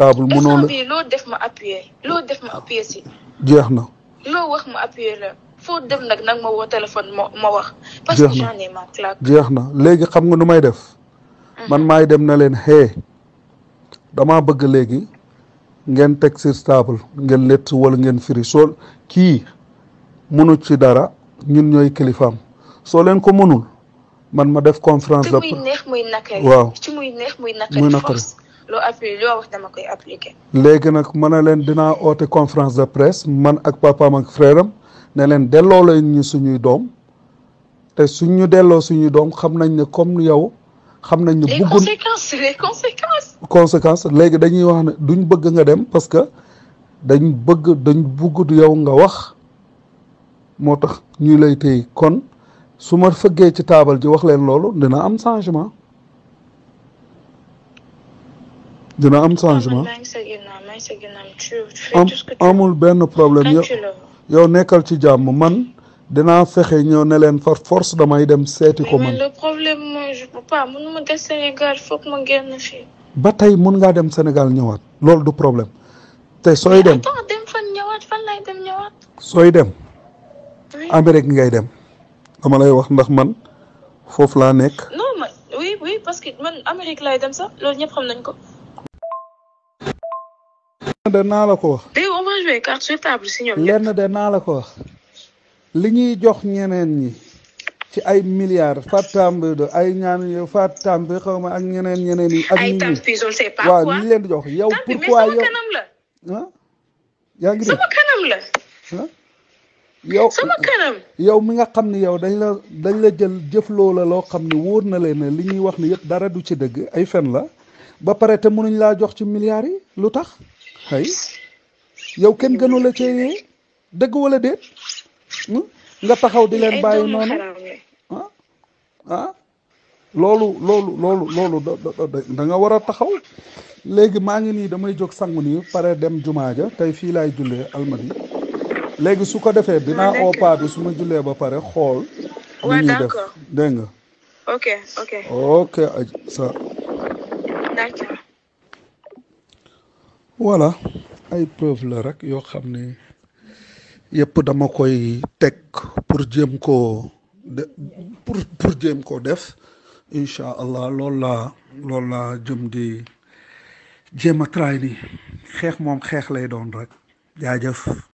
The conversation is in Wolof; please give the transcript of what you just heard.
table mënoo la loo def ma appuyer loo def ma appuyer si. jeex na. loo wax ma appuyer la foo dem nag nag ma woo téléphone ma wax. jeex na léegi xam nga nu may def. Mm-hmm. man maay dem na leen xee damaa bëgg léegi ngeen teg sur ngeen lett wala ngeen firi soo kii mënu ci dara ñun ñooy kilifaam soo leen ko mënul man ma def conférence. de presse te muy neex muy naqari. loo appui léegi nag mën na leen dinaa oote conférence de presse man ak papaam ak frère ne leen delloo leen ñu suñuy doom te suñ ñu delloo suñuy doom xam nañ ne comme yow. xam nañ ne bëgguñ les léegi dañuy wax ne duñ bëgg nga dem parce que dañ bëgg dañ bëgg yow nga wax moo tax ñuy lay téye kon su ma fëggee ci taabal ji wax leen loolu dina am changement. dina am changement amul benn problème yow yow nekkal ci jàmm man dinaa fexe ñëw ne leen par force damay dem seeti ko man. ba tey mun ngaa dem Sénégal ñëwaat loolu du problème te sooy dem dem dem ñëwaat. sooy Amérique ngay dem. dama lay wax ndax man foofu laa nekk. non ma oui oui parce que man Amérique laay dem sax loolu ñëpp xam nañ ko. lenn de naa la ko wax. tey on naa la ko wax li ñuy jox ñeneen ñi ci ay milliards Fatou Tambe de ay ñaan Fatou Tambe xaw ma ak ñeneen ñeneen yi. ak waaw leen di yow. pourquoi yow ah mi nga xam ni yow dañ la dañ la jël jëf loola loo xam ni wóor na leen ne li ñuy wax ni yëpp dara du ci dëgg ay fen la ba pare te mënuñ laa jox ci milliards yi lu tax. ay yow kenn gënu la cee yee dëgg wala déet hm? nga taxaw di leen bàyyi noonu ah? Ah? loolu loolu loolu loolu da nga war a taxaw léegi maa ngi nii damay jóg sangu nii pare dem jumaa ja tey fii laay jullee almadi léegi su ko defee dinaa ah, oo paa bi su ma jullee ba pare xool li ñuy def dégg nga ok aj sa voilà ay preuve la rek yoo xam ne yëpp dama koy teg pour jéem koo de pour pour jéem koo def incha allah loolu laa loolu laa jëm di jéem a tray ni xeex moom xeex lay doon rek jaajëf